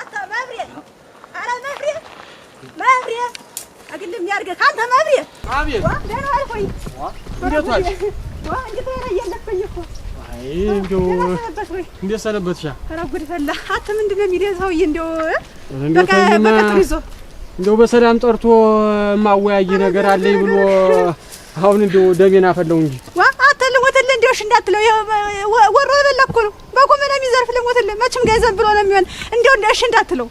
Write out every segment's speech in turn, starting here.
አንተ መብሬ፣ ኧረ መብሬ መብሬ አግልም ያድርገህ አንተ መብሬ። አቤት፣ ደህና አልኩኝ። እንዴት ዋልሽ? እንዴት ሆነ? እያለፈኝ እኮ እንደው እንዴት ሰነበትሽ? ኧረ ጉድ ፈላ። አንተ ምንድን ነው የሚለኝ ሰውዬ? እንደው በቀጥሩ ይዞ እንደው በሰላም ጠርቶ የማወያይ ነገር አለኝ ብሎ አሁን እንደው ደሜን አፈለው እንጂ ሎሽ እንዳትለው ወሮ የበላ እኮ ነው። በቁም ነው የሚዘርፍ ልሞትልህ። መቼም ገንዘብ ብሎ ነው የሚሆን። እንደው እሺ እንዳትለው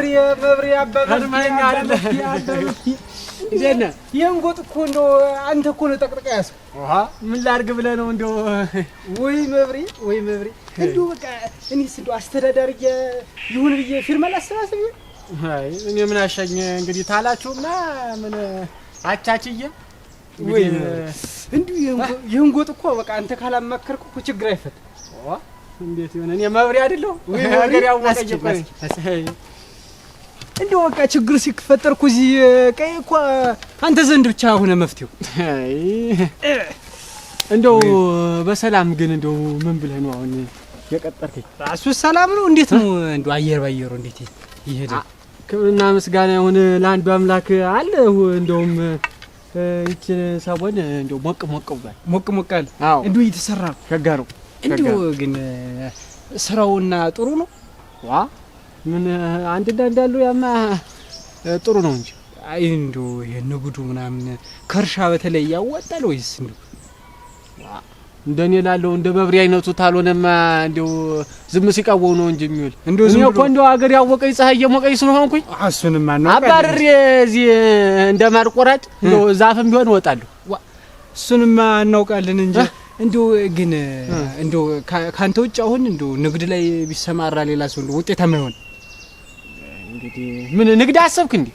መብሬ መብሬ ይህን ጎጥ እኮ እንደው አንተ እኮ ነው ጠቅጥቃ ያዝኩ። ምን ላድርግ ብለህ ነው እንደው? ወይ መብሬ ወይ መብሬ እንደው በቃ እኔስ እንደው አስተዳዳሪ ይሁን ብዬ ፊርማ ላሰባስብ ይሁን እኔ ምን አሻኝ እንግዲህ ታላችሁና ምን አቻችዬ እንዲሁ ይህን ጎጥ እኮ በቃ አንተ ካላማከርኩ እኮ ችግር አይፈትም። እንዴት ይሆን? እኔ መብሬ አይደለሁ ወይ? ነገር ያወቀኝ እንደው በቃ ችግር ሲፈጠር እኮ ቀይ እኮ አንተ ዘንድ ብቻ ሆነ መፍትሄው። እንደው በሰላም ግን እንደው ምን ብለህ ነው አሁን የቀጠርከኝ? እሱ ሰላም ነው። እንዴት ነው እንደው አየር ባየሩ እንዴት ይሄደ? ክብርና ምስጋና ይሁን ለአንዱ አምላክ አለ። እንደውም ይችን ሰሞን እንደው ሞቅ ሞቅ ብሏል። ሞቅ ሞቅ አለ። እንደው እየተሰራ ነው። ሸጋ እንደው ግን ስራውና ጥሩ ነው ዋ ምን አንድ እንዳንዳሉ ያማ ጥሩ ነው እንጂ አይ እንዲሁ የንግዱ ምናምን ከእርሻ በተለይ ያዋጣል ወይስ እንዶ እንደኔ ላለው እንደ በብሪ አይነቱ ታልሆነማ እንዲሁ ዝም ሲቀወው ነው እንጂ የሚውል እንዶ ዝም እኮ እንዲሁ አገር ያወቀኝ ፀሐይ እየሞቀኝ ስለሆንኩኝ እሱንም ነው አባርር እዚህ እንደ ማርቆራጭ እንዶ ዛፍም ቢሆን እወጣለሁ። እሱንማ እናውቃለን እንጂ እንዲሁ ግን እንዲሁ ካንተ ውጭ አሁን እንዲሁ ንግድ ላይ ቢሰማራ ሌላ ሰው እንዲሁ ውጤታማ ይሆን እንግዲህ ምን ንግድ አሰብክ እንዴ?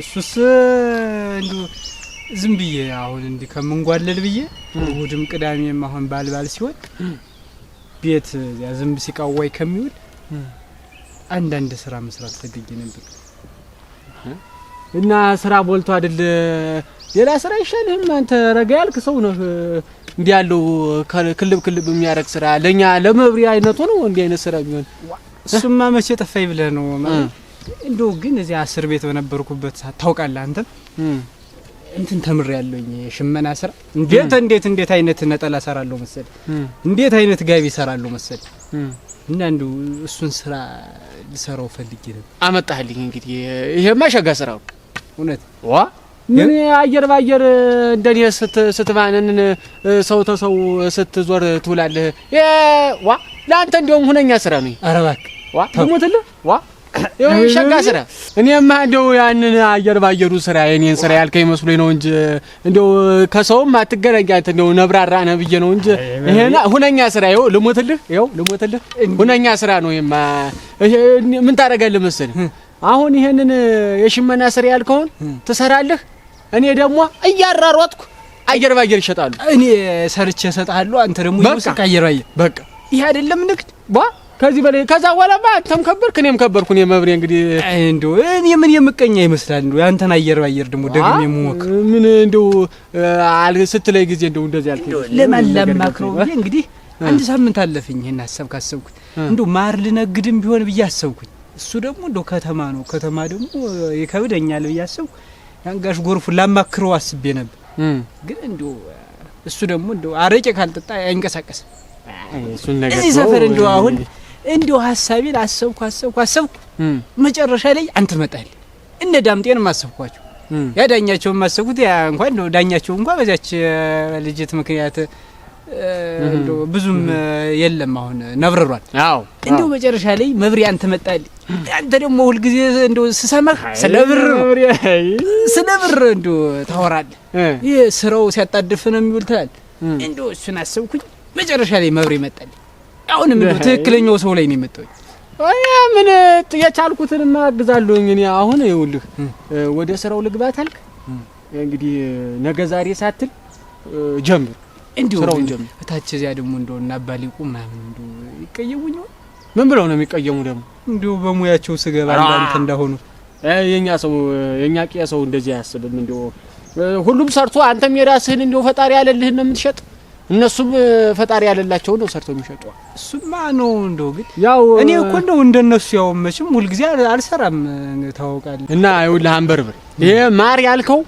እሱስ እንዲሁ ዝም ብዬ አሁን እንዲህ ከምንጓለል ብዬ እሑድም ቅዳሜም አሁን ባልባል ሲሆን ቤት ያ ዝንብ ሲቃዋይ ከሚውል አንዳንድ ስራ መስራት ፈልጌ ነበር እና ስራ ቦልቶ አይደል ሌላ ስራ አይሻልህም? አንተ ረጋ ያልክ ሰው ነህ። እንዲህ ያለው ክልብ ክልብ የሚያደርግ ስራ ለእኛ ለመብሪያ አይነት ሆነው እንዲህ አይነት ስራ ቢሆን እሱማ መቼ ጠፋኝ ብለህ ነው እንዶ ግን እዚያ እስር ቤት በነበርኩበት ሰዓት ታውቃለህ፣ አንተም እንትን ተምር ያለኝ የሽመና ስራ እንዴት እንዴት እንዴት አይነት ነጠላ ሰራለሁ መሰል እንዴት አይነት ጋቢ ሰራለሁ መሰል እና እንደው እሱን ስራ ልሰራው ፈልጌ ነበር። አመጣህልኝ። እንግዲህ ይሄማ ሸጋ ስራው እውነት ዋ ምን አየር ባየር እንደኔ ስትባንን ሰው ተሰው ስትዞር ትውላለህ። ዋ ለአንተ እንዲያውም ሁነኛ ስራ ነው። አረባክ ዋ ትሞትልህ ዋ ሸጋ ስራ። እኔማ እንደው ያንን አየር ባየሩ ስራ የኔን ስራ ያልከኝ መስሎኝ ነው እንጂ እንደው ከሰውም አትገናኛት እንደው ነብራራ ነህ ብዬ ነው እንጂ ይሄን ሁነኛ ስራ ይኸው ልሞትልህ፣ ይኸው ልሞትልህ፣ ሁነኛ ስራ ነው። ይሄማ ምን ታደርጋለህ መሰለህ? አሁን ይሄንን የሽመና ስራ ያልከውን ትሰራለህ። እኔ ደግሞ እያራሯጥኩ አየር ባየር ይሸጣሉ። እኔ ሰርቼ እሰጥሃለሁ። አንተ ደግሞ ይወስድ አየር ባየር። በቃ ይሄ አይደለም ንግድ ዋ ከዚህ በላይ ከዛ በኋላማ አንተም ከበርክ እኔም ከበርኩ። እኔ መብሬ እንግዲህ እንደው እኔ ምን የምቀኛ ይመስላል እንደው ያንተን አየር ባየር ደግሞ ደግሜ የምሞክር ምን እንደው አል ስትለይ ጊዜ እንደው እንደዚህ ያልክ ለማን ላማክረው እንግዲህ አንድ ሳምንት አለፈኝ። ይሄን ሀሳብ ካሰብኩት እንደው ማር ልነግድም ቢሆን ብዬ አሰብኩኝ። እሱ ደግሞ እንደው ከተማ ነው ከተማ ደግሞ ይከብደኛል ብዬ አሰብኩ። ያንጋሽ ጎርፉ ጎርፉን ላማክረው አስቤ ነበር፣ ግን እንደው እሱ ደግሞ እንደው አረቄ ካልጠጣ አይንቀሳቀስም እዚህ ሰፈር እንደው አሁን እንዲሁ ሀሳቤን አሰብኩ አሰብኩ አሰብኩ። መጨረሻ ላይ አንተ መጣል እነ ዳምጤን ማሰብኳቸው ያ ዳኛቸውን ማሰብኩት። ያ እንኳን እንደው ዳኛቸው እንኳ በዚያች ልጅት ምክንያት ብዙም የለም አሁን ነብርሯል። አዎ እንዲሁ መጨረሻ ላይ መብሬ አንተ መጣል አንተ ደግሞ ሁልጊዜ እንደው ስሰማህ ስለ ብር ስለ ብር እንደው ታወራለህ። ይህ ስራው ሲያጣድፍ ነው የሚውል ትላል እንዲ እሱን አሰብኩኝ። መጨረሻ ላይ መብሬ መጣልኝ። አሁን ምን ትክክለኛው ሰው ላይ ነው የመጣው። አያ ምን የቻልኩትን ማግዛለሁኝ እኔ አሁን ይኸውልህ፣ ወደ ስራው ልግባ ታልክ እንግዲህ ነገ ዛሬ ሳትል ጀምር፣ እንዲሁ ስራውን ጀምር። ታች እዚያ ደግሞ እንደው እና አባሊቁ ምናምን እንደው ይቀየሙኝ። ምን ብለው ነው የሚቀየሙ ደግሞ? እንዲሁ በሙያቸው ስገባ አንተ እንደሆኑ የኛ ሰው የኛ ቄ ሰው እንደዚህ አያስብም። እንደው ሁሉም ሰርቶ አንተም የራስህን እንደው ፈጣሪ ያለልህን ነው የምትሸጥ እነሱም ፈጣሪ ያለላቸው ነው ሰርተው የሚሸጡ። እሱማ ነው እንደው ግን ያው እኔ እኮ እንደው እንደነሱ ያው መቼም ሁልጊዜ አልሰራም ታውቃለህ። እና ይኸውልህ አንበርብር፣ ይሄ ማር ያልከው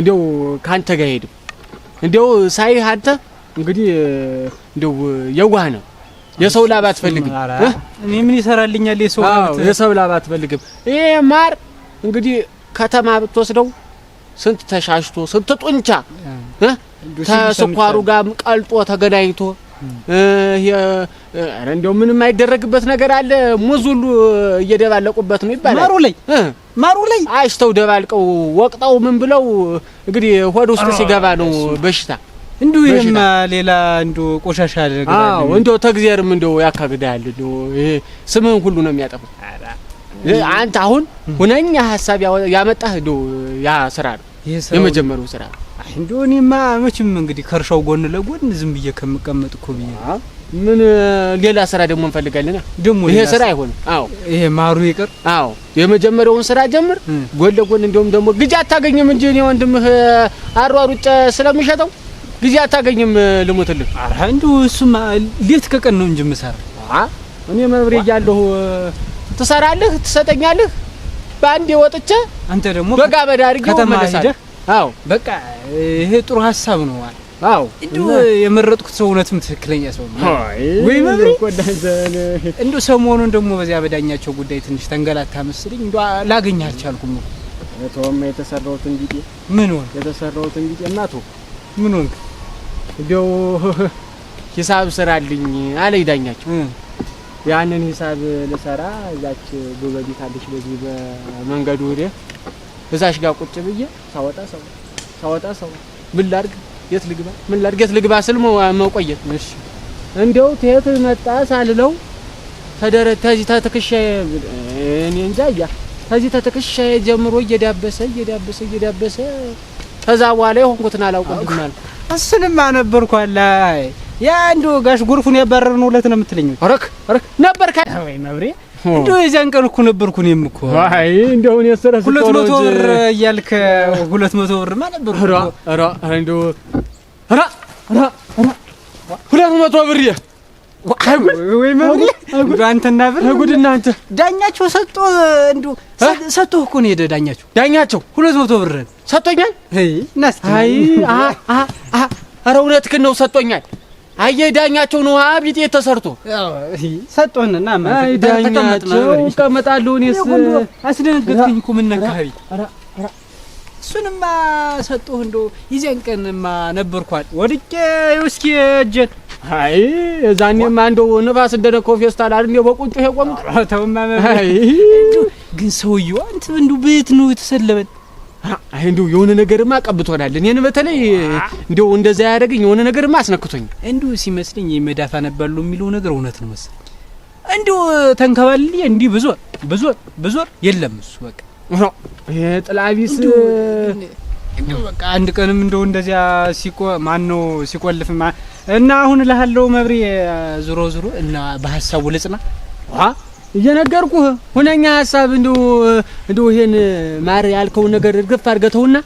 እንደው ካንተ ጋር ሄድም እንደው ሳይህ አንተ እንግዲህ እንደው የዋህ ነው። የሰው ላብ አትፈልግም። እኔ ምን ይሰራልኛል የሰው ላብ የሰው ላብ አትፈልግም። ይሄ ማር እንግዲህ ከተማ ብትወስደው ስንት ተሻሽቶ ስንት ጡንቻ ተስኳሩ ጋር ቀልጦ ተገናኝቶ እንደው ምንም የማይደረግበት ነገር አለ። ሙዝ ሁሉ እየደባለቁበት ነው ይባላል። ማሩ ላይ ማሩ ላይ አሽተው ደባልቀው ወቅጠው ምን ብለው እንግዲህ ሆድ ውስጥ ሲገባ ነው በሽታ። እንዲሁ ይህማ ሌላ እንዲሁ ቆሻሻ አዎ፣ እንዲሁ ተግዜርም እንዲሁ ያካግዳል። እንዲሁ ስምህን ሁሉ ነው የሚያጠፉት። አንተ አሁን ሁነኛ ሀሳብ ያመጣህ እንዲሁ ያ ስራ ነው የመጀመሪያው ስራ ነው። እንዲሁ እኔማ መቼም እንግዲህ ከእርሻው ጎን ለጎን ዝም ብዬ ከምቀመጥ እኮ ብዬ ምን ሌላ ስራ ደግሞ እንፈልጋለን። ደግሞ ይሄ ስራ አይሆንም። አዎ ይሄ ማሩ ይቅር። አዎ የመጀመሪያውን ስራ ጀምር ጎን ለጎን እንደውም ደግሞ ግዢ አታገኝም እንጂ እኔ ወንድምህ አሯሩጬ ስለሚሸጠው ግዢ አታገኝም። ልሙትልህ። ኧረ እንዲሁ እሱማ ሌት ከቀን ነው እንጂ የምሰራ እኔ መብሬ እያለሁ ትሰራለህ፣ ትሰጠኛለህ። በአንዴ ወጥቼ አንተ ደግሞ በጋ በዳርጌ አድርጌ አዎ በቃ ይሄ ጥሩ ሀሳብ ነው። አዎ እንዲሁ የመረጥኩት ሰው እውነትም ትክክለኛ ሰው ነው። አይ ወይ መብሪ እንዲሁ ሰሞኑን ደግሞ በዚያ በዳኛቸው ጉዳይ ትንሽ ተንገላታ መስልኝ እንዲ ላገኝህ አልቻልኩም። እቶም የተሰራሁት እንግዲህ ምን ሆን የተሰራሁት እንግዲህ እናቱ ምን ሆንክ? እንዲያው ሂሳብ ስራልኝ አለኝ ዳኛቸው። ያንን ሂሳብ ልሰራ እዛች ጎበዲት አለች በዚህ በመንገዱ ወዲያ እዛሽ ጋር ቁጭ ብዬ ሳወጣ ሰው ሳወጣ ሰው ምን ላድርግ የት ልግባ ምን ላድርግ የት ልግባ ስል መቆየት ነው። እሺ እንደው ተየት መጣ ሳልለው ተደረ ተዚህ ተትከሻ እኔ እንጃ ያ ተዚህ ተትከሻ ጀምሮ እየዳበሰ እየዳበሰ እየዳበሰ ከዛ በኋላ የሆንኩትን አላውቅብናል። እሱንማ ነበርኩ አለ ያ እንደው ጋሽ ጉርፉን ያባረርን ሁለት ነው የምትለኝ? ረክ ረክ ነበርካ ወይ መብሬ እንደው የዚያን ቀን እኮ ነበርኩ እኔም እኮ አይ እንደው እኔ ሁለት መቶ ብር እያልክ ሁለት መቶ ብር ማ ራ ራ እንደው ራ ራ ራ ሁለት መቶ ብር ወይ አንተና ብር ዳኛቸው ሰጥቶ እንደው ሰጥቶ እኮ ነው የሄደ ዳኛቸው ዳኛቸው ሁለት መቶ ብር ሰጥቶኛል። አይ እናስ አይ አ አ እውነትህን ነው ሰጥቶኛል አየ ዳኛቸው ነው አብይጤ ተሰርቶ ሰጦንና አይ ዳኛቸው እቀመጣለሁ። እኔስ አስደነገጥኝ እኮ ምን ነካሪ? እሱንማ ሰጦህ እንዶ ይዘን ቀንማ ነበርኳል ወድቄ እስኪ እጀት አይ እዛኔማ እንደው ንፋስ እንደ ፌስታል አይደል እንደው በቁንጮ የቆምክ ተውማ። አይ ግን ሰውዬው አንተ እንደው ቤት ነው የተሰለበን አይ እንዲሁ የሆነ ነገርማ ቀብቶናል። እኔን በተለይ እንዲሁ እንደዛ ያደረገኝ የሆነ ነገርማ አስነክቶኝ እንዲሁ ሲመስለኝ መዳፋ ነበሉ የሚለው ነገር እውነት ነው መሰለኝ። እንዲሁ ተንከባል እንዲህ ብዙ ብዙ ብዙ የለም እሱ በቃ ጥላቢስ በቃ አንድ ቀንም እንደው እንደዚያ ሲቆ ማን ነው ሲቆልፍ እና አሁን እልሃለሁ መብሬ ዙሮ ዙሮ እና በሀሳቡ ልጽና እየነገርኩህ ሁነኛ ሀሳብ እንደው እንደው ይሄን ማር ያልከውን ነገር እርግፍ አድርገተውና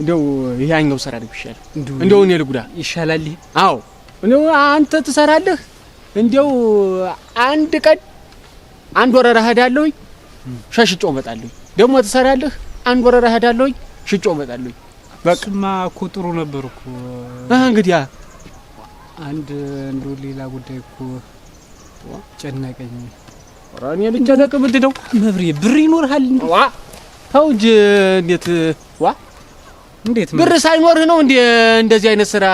እንደው ይሄኛው ስራ ልብ ይሻላል። እንደው እኔ ልጉዳ ይሻላል። አዎ እንደው አንተ ትሰራለህ። እንደው አንድ ቀን አንድ ወረራ እሄዳለሁኝ ሸሽጮ እመጣለሁኝ። ደግሞ ትሰራለህ። አንድ ወረራ እሄዳለሁኝ ሽጮ እመጣለሁኝ። በቅማ እኮ ጥሩ ነበር እኮ እንግዲህ አንድ እንደው ሌላ ጉዳይ እኮ ጨነቀኝ። እኔ ብቻ ተቀብድ ነው መብሬ ብር ይኖርሃል እንዴ? ዋ ተው እንጂ እንዴት ዋ እንዴት ብር ሳይኖርህ ነው እንዴ እንደዚህ አይነት ስራ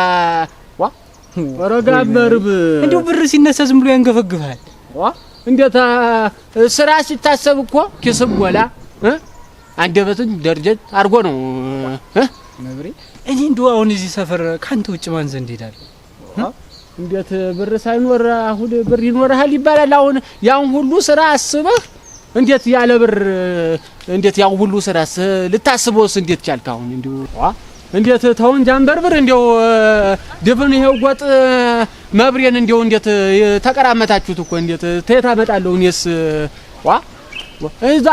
ዋ ወረጋ መርብ እንዴው ብር ሲነሳ ዝም ብሎ ያንገፈግፋል። ዋ እንዴት ስራ ሲታሰብ እኮ ኪስም ጎላ አንደበትን ደርጀት አድርጎ ነው መብሬ። እኔ እንደው አሁን እዚህ ሰፈር ካንተ ውጭ ማን ዘንድ ሄዳለሁ? እንዴት ብር ሳይኖር አሁን ብር ይኖርሃል ይባላል። አሁን ያን ሁሉ ስራ አስበህ እንዴት ያለ ብር እንዴት ያን ሁሉ ስራ ልታስበውስ እንዴት ቻልክ? አሁን እንዲሁ እንዴት ተውን ብር እንዲው ድብን ይሄው ጎጥ መብሬን እንዲው እንዴት ተቀራመታችሁት እኮ እንዴት ተየት አመጣለሁ እኔስ ዋ እዛ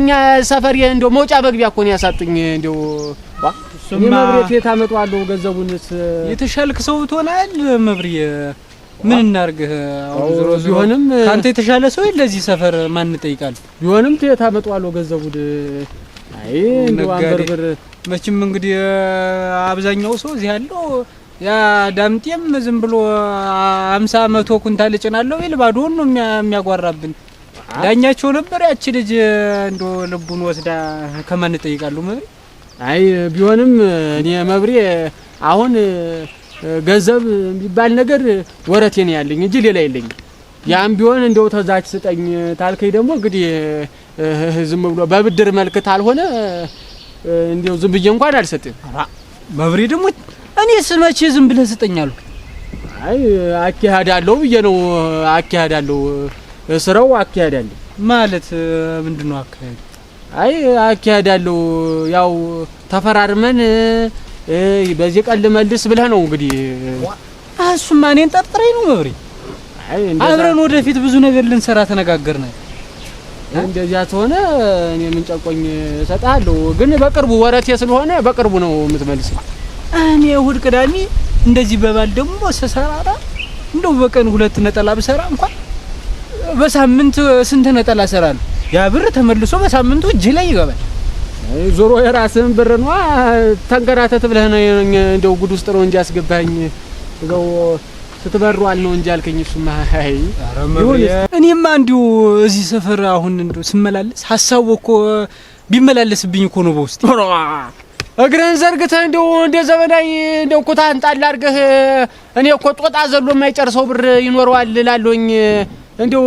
እኛ ሰፈሬ እንዲው መውጫ መግቢያ እኮ ነው ያሳጥኝ እንዲው ዋ መብሬት የት አመጣዋለሁ? ገንዘቡንስ የተሻልክ ሰው ትሆናል። መብሬ ምን እናርግህ? ዞሮ ቢሆንም ካንተ የተሻለ ሰው ለዚህ ሰፈር ማን ጠይቃል? ቢሆንም የት አመጣዋለሁ ገንዘቡን? አይ እንደው አንበርብር መቼም እንግዲህ አብዛኛው ሰው እዚህ ያለው ያ ዳምጤም ዝም ብሎ አምሳ መቶ ኩንታል እጭናለሁ ይል ባዶውን ነው የሚያጓራብን። ዳኛቸው ነበር ያቺ ልጅ እንዶ ልቡን ወስዳ ከማን ጠይቃሉ መብሬ አይ ቢሆንም እኔ መብሬ አሁን ገንዘብ የሚባል ነገር ወረቴ ነው ያለኝ እንጂ ሌላ የለኝም። ያም ቢሆን እንደው ተዛች ስጠኝ ታልከኝ ደግሞ እንግዲህ ዝም ብሎ በብድር መልክ ታልሆነ እንደው ዝም ብዬ እንኳን አልሰጥም። መብሬ ደግሞ እኔ ስመቼ ዝም ብለህ ስጠኝ አልኩ። አይ አካሄዳለሁ ብዬ ነው አካሄዳለሁ፣ ስራው አካሄዳለሁ ማለት ምንድን ነው አካሄዱ? አይ አካሄዳለሁ ያው ተፈራርመን በዚህ ቀን ልመልስ ብለህ ነው እንግዲህ። እሱማ እኔን ጠርጥረኝ ነው መብሬ። አብረን ወደፊት ብዙ ነገር ልንሰራ ተነጋገርነ። እንደዚያ ተሆነ እኔ ምን ጨቆኝ እሰጥሃለሁ። ግን በቅርቡ ወረቴ ስለሆነ በቅርቡ ነው የምትመልስ። እኔ እሑድ፣ ቅዳሜ እንደዚህ በባል ደግሞ ስሰራ እንደው በቀን ሁለት ነጠላ ብሰራ እንኳን በሳምንት ስንት ነጠላ እሰራለሁ? ያ ብር ተመልሶ በሳምንቱ እጅ ላይ ይገባል። ዞሮ የራስህን ብር ነዋ። ተንከራተት ብለህ ነው እንደው ጉድ ውስጥ ነው እንጂ አስገባኝ እዛው ስትበሯል ነው እንጂ አልከኝ። እሱማ አይ እኔማ እንዲሁ እዚህ ሰፈር አሁን እንደው ስመላለስ ሀሳቡ እኮ ቢመላለስብኝ እኮ ነው በውስጥ እግርህን ዘርግተህ እንደው እንደ ዘመናዊ እንደው ኩታህን ጣል አድርገህ እኔ እኮ ጦጣ ዘሎ የማይጨርሰው ብር ይኖረዋል እላለሁኝ። እንደው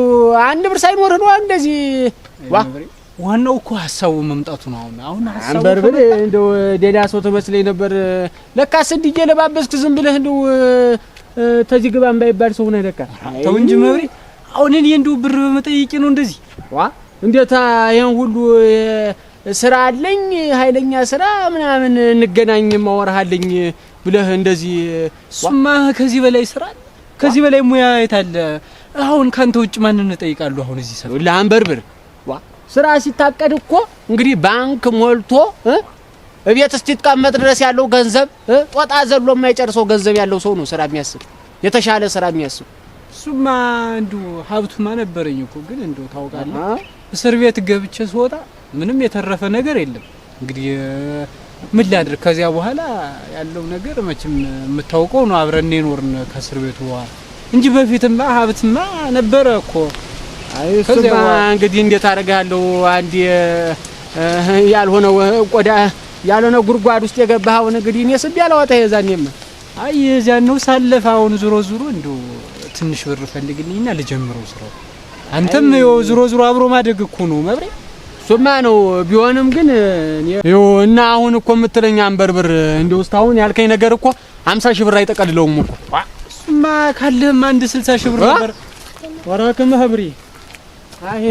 አንድ ብር ሳይኖርህ ነዋ እንደዚህ ዋናው እኮ ሀሳቡ መምጣቱ ነው። አሁን አሁን ሀሳቡ አንበርብር እንደው ሌላ ሰው ትመስለኝ ነበር። ለካ እንዲጄ ለባበስክ ዝም ብለህ እንደው ተዚህ ግባ ባይባል ሰው ነህ ለካ። ተው እንጂ መብሬ፣ አሁን እኔ እንደው ብር በመጠየቄ ነው እንደዚህ ዋ እንዴታ ይሄን ሁሉ ስራ አለኝ ኃይለኛ ስራ ምናምን እንገናኝ ማወራሃለኝ ብለህ እንደዚህ። ሱማ ከዚህ በላይ ስራ ከዚህ በላይ ሙያ የታለ? አሁን ካንተ ውጭ ማንን እጠይቃለሁ? አሁን እዚህ ሰው ለአንበርብር ስራ ሲታቀድ እኮ እንግዲህ ባንክ ሞልቶ እቤት እስኪቀመጥ ድረስ ያለው ገንዘብ ጦጣ ዘሎ የማይጨርሰው ገንዘብ ያለው ሰው ነው ስራ የሚያስብ የተሻለ ስራ የሚያስብ። እሱማ እንዲሁ ሀብቱማ ነበረኝ እኮ ግን እንዲሁ ታውቃለ፣ እስር ቤት ገብቼ ስወጣ ምንም የተረፈ ነገር የለም። እንግዲህ ምን ላድርግ? ከዚያ በኋላ ያለው ነገር መቼም የምታውቀው ነው። አብረን የኖርን ከእስር ቤቱ በኋላ እንጂ በፊትማ ሀብትማ ነበረ እኮ ከዚያ እንግዲህ እንዴት አደርግሃለሁ? አንድ ያልሆነ ቆዳ ያልሆነ ጉድጓድ ውስጥ የገባኸውን እንግዲህ እኔ ስቤ አላወጣ የዛኔማ አይ የዚያን ነው ሳለፈ። አሁን ዞሮ ዞሮ እንደው ትንሽ ብር ፈልግልኝና ልጀምረው ስራው። አንተም ይኸው ዞሮ ዞሮ አብሮ ማደግ እኮ ነው መብሬ ሱማ ነው ቢሆንም ግን ይኸው እና አሁን እኮ የምትለኝ አንበርብር ያልከኝ ነገር እኮ ሺህ ብር አይጠቀልለውም እኮ ሱማ ካለህም አንድ 60 ሺህ ብር ነበር ወራከ ማህብሪ አይ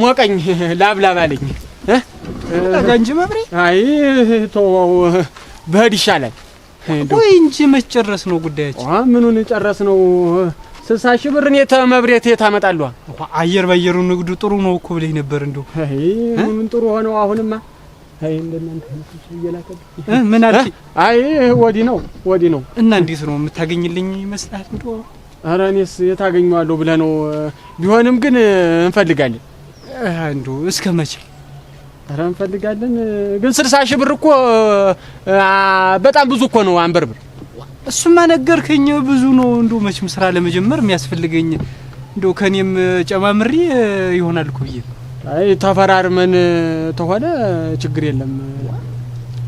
ሞቀኝ፣ ላብላብ አለኝ እንጂ መብሬ። አይ ተወው፣ በህድ ይሻላል። ቆይ እንጂ መች ጨረስ ነው ጉዳያችን? ምኑን ጨረስ ነው? ስልሳ ሺህ ብር እኔ ተመብሬት ታመጣለዋ። አየር በአየሩ ንግዱ ጥሩ ነው እኮ ብለኝ ነበር። እንደው ምኑን ጥሩ ሆነው አሁንማ ምን አልሽኝ? አይ ወዲህ ነው ወዲህ ነው። እና እንዴት ነው የምታገኝልኝ ይመስልሃል? እንደው ኧረ እኔስ የታገኘዋለሁ ብለህ ነው? ቢሆንም ግን እንፈልጋለን። አንዱ እስከ መቼ? ኧረ እንፈልጋለን። ግን ስልሳ ሺህ ብር እኮ በጣም ብዙ እኮ ነው። ብር እሱማ ነገርከኝ፣ ብዙ ነው። እንዶ መቼም ስራ ለመጀመር የሚያስፈልገኝ እንዶ ከኔም ጨማምሪ ይሆናል እኮ ብዬ አይ ተፈራርመን ተሆነ ችግር የለም።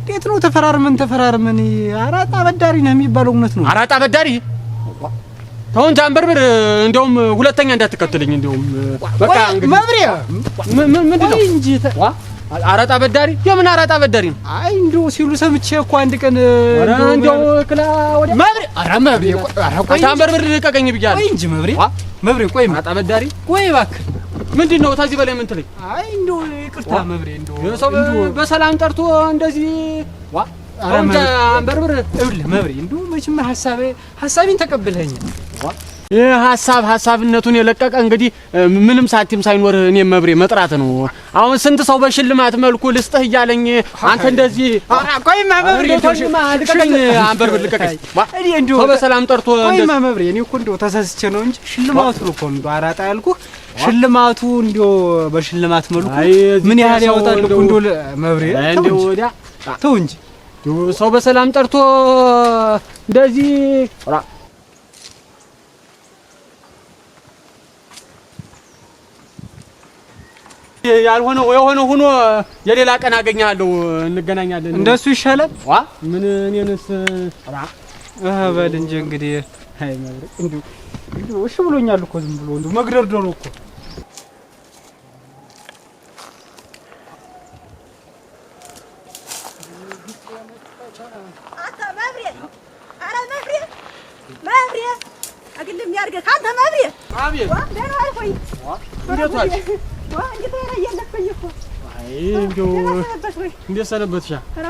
እንዴት ነው ተፈራርመን ተፈራርመን? አራጣ በዳሪ ነው የሚባለው እውነት ነው። አራጣ በዳሪ ተውን ታንበርብር። እንደውም ሁለተኛ እንዳትከተለኝ። እንደውም በቃ እንግዲህ መብሪያ ምን ነው እንጂ አራጣ በዳሪ የምን አራጣ በዳሪ ነው? አይ እንደው ሲሉ ሰምቼ እኮ አንድ ቀን እንደው ክላ ወደ መብሪያ ኧረ መብሪያ ኧረ ቆይ ታንበርብር ልቀቀኝ ብያለሁ እንጂ መብሪያ መብሪያ ቆይ አራጣ በዳሪ ቆይ እባክህ ምንድን ነው ታዚህ በላይ ምን ትለኝ? አይ እንደው ይቅርታ መብሪያ እንደው በሰላም ጠርቶ እንደዚህ ዋ አሁን አንበርብር እብል መብሬ እንዲሁ መቼም ሀሳብ ሀሳቤን ተቀብለኸኛል። ይህ ሀሳብ ሀሳብነቱን የለቀቀ እንግዲህ ምንም ሳንቲም ሳይኖር እኔም መብሬ መጥራት ነው። አሁን ስንት ሰው በሽልማት መልኩ ልስጥህ እያለኝ አንተ እንደዚህ ቆይማ መብሬ ልቀቀኝ፣ አንበርብር ልቀቀኝ። ሰው በሰላም ጠርቶ ቆይማ መብሬ እኔ እኮ እንደው ተሰስቼ ነው እንጂ ሽልማቱ እኮ እንደው አራጣ ያልኩህ ሽልማቱ እንደው በሽልማት መልኩ ምን ያህል ያወጣል እኮ እንደው መብሬ ተው እንጂ ሰው በሰላም ጠርቶ እንደዚህ ያልሆነ የሆነ ሆኖ የሌላ ቀን አገኛለሁ፣ እንገናኛለን። እንደሱ ይሻላል። ዋ ምን እኔንስ ራ አህ በል እንጂ እንግዲህ አይ መብረቅ እንዱ እሺ ብሎኛል እኮ ዝም ብሎ እንዱ መግደርደሩ እኮ እንዴት ኧረ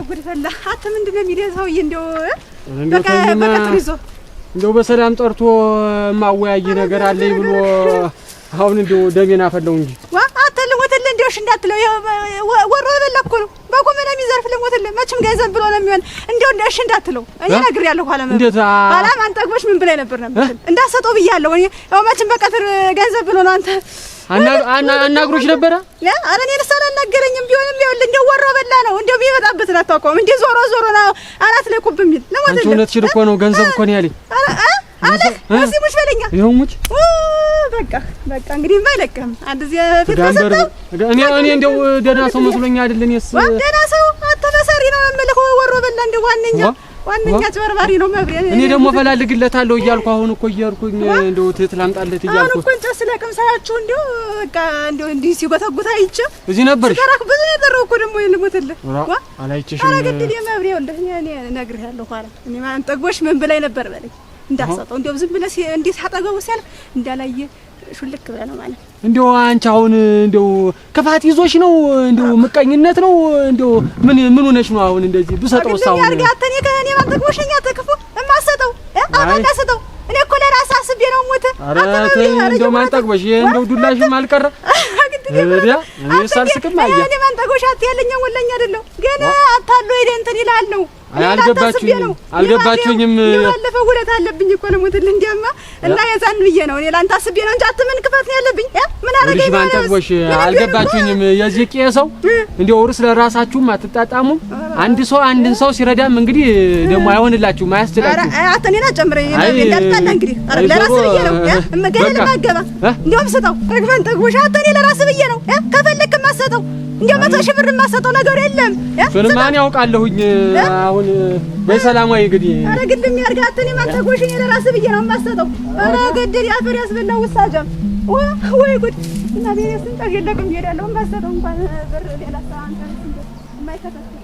ጉድ ፈላ። አንተ ምንድን ነው ሰውዬ እንደው በቃ ይዞ እንደው በሰላም ጠርቶ የማወያይ ነገር አለኝ ብሎ አሁን እንደው ደሜን አፈለው እንጂ ዋ ወረሽ እንዳትለው ወሮ የበላ እኮ ነው። በጎመና የሚዘርፍ ልሞትልህ መቼም ገንዘብ ብሎ ነው የሚሆን። እንደው እሺ እንዳትለው እኔ እነግርሃለሁ። ኋላ መብት ኋላ አንተ ግቦሽ ምን ብለህ ነበር ነበር እንዳሰጠው ብያለሁ። እኔ ያው መቼም በቀትር ገንዘብ ብሎ ነው አንተ አናግሮች ነበረ። አረ እኔን እሷ አላናገረኝም። ቢሆንም ይኸውልህ እንደው ወሮ በላ ነው እንደው የሚመጣበትን አታውቀውም። እንደ ዞሮ ዞሮ ነው አራት ላይ ቁብ የሚል ለሞትልህ። አንቺ እውነትሽን እኮ ነው ገንዘብ እኮ ነው ያለኝ። አረ አለ እዚህ ሙች በለኛ ይኸው ሙች በቃ በቃ እንግዲህ ባይለቀም አንድ እዚህ ፍትሰጠ እኔ እንደው ደህና ሰው መስሎኛ አይደል? እኔስ ደህና ሰው አተበሰሪ ነው የምልህ። ወሮ በላ እንደው ዋነኛ ዋነኛ ጭበርባሪ ነው መብሬ። እኔ ደግሞ እፈላልግለታለሁ እያልኩ አሁን እኮ እያልኩኝ እንደው ትት ላምጣለት እያልኩ አሁን እኮ እንጨት ስለቅም ሳያችሁ እንደው በቃ እንደው እንዲህ ሲጎተጉታ አይቼ እዚህ ነበር ተራክ ብዙ ነገር እኮ ደግሞ ይልሙትልህ አላይቼሽ አረግድል የመብሬ ወልደህ እኔ እነግርህ ያለሁ ኋላ እኔ ማን ጠግቦሽ ምን ብላይ ነበር በለኝ እንዳሰጠው እንደው ዝም ብለህ እንዴት አጠገቡ ሲያልፍ እንዳላየ ሹልክ ብለህ ነው ማለት እንደው አንቺ አሁን እንደው ክፋት ይዞሽ ነው እንደው ምቀኝነት ነው እንደው ምን ምን ሆነሽ ነው አሁን እንደዚህ ብሰጠው ሳው ነው ያርጋ አተኔ ከኔ ባጠቅቦሽኛ ተክፉ እማሰጠው አሁን እንዳሰጠው እኔ እኮ ለራስ አስቤ ነው ሞተ አረተ እንደው ማንጠቅቦሽ ይሄ እንደው ዱላሽም አልቀረ እንግዲህ እኔ ሳልስቅም አያ እኔ ማንጠቅቦሽ አትያለኛ ወለኛ አይደለም ገና አታሉ ይሄን እንትን ይላል ነው አልገባችሁኝም አልገባችሁኝም። ባለፈው ውለት አለብኝ እኮ ልሙትልህ እንዲያማ እና የዛን ብዬ ነው እኔ ለአንተ አስቤ ነው እንጂ አትምን ክፋት ነው ያለብኝ። ምን አረገኝ ባንተቦሽ አልገባችሁኝም። የዚህ ቄ ሰው እንዲያው እርስ ለራሳችሁም አትጣጣሙም። አንድ ሰው አንድን ሰው ሲረዳም እንግዲህ ደግሞ አይሆንላችሁም፣ አያስችላችሁም። ለራስ ብዬ ነው ከፈለክ ማሰጠው እንዲያው መቶ ሺህ ብር ማሰጠው ነገር የለም። እሱንማ እኔ ያውቃለሁኝ። አሁን በሰላማዊ እንግዲህ ኧረ ግድም ያርጋትን የማታጎሽኝ ለራስህ ብዬ ነው የማሰጠው። ኧረ ግድል ያፈር ያስበላ ውሳጀም ወይ ጉድ እና ቤት ስንጠር የለቅም ሄዳለሁ ማሰጠው እንኳን ብር ሌላ ሰ አንተ የማይከተል